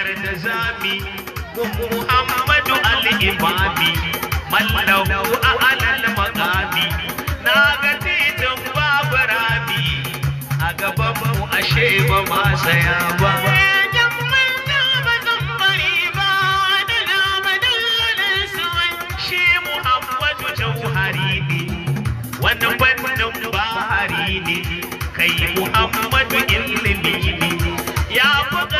maganar da zami Muhammadu al-Imami mallahu a alal makami, na ga titin babu rabi, a gaban mu ashe ba ma saya ba wani wannan bahari ne kai muhammadu ilimi ne ya buga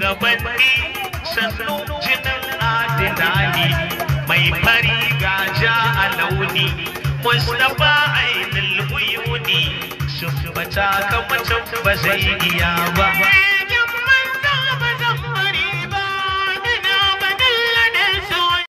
gabanni sannu jinin adinani mai fari gaja a launi mustapha ainihin uyuni sun bata kan mutum ba zai iya ba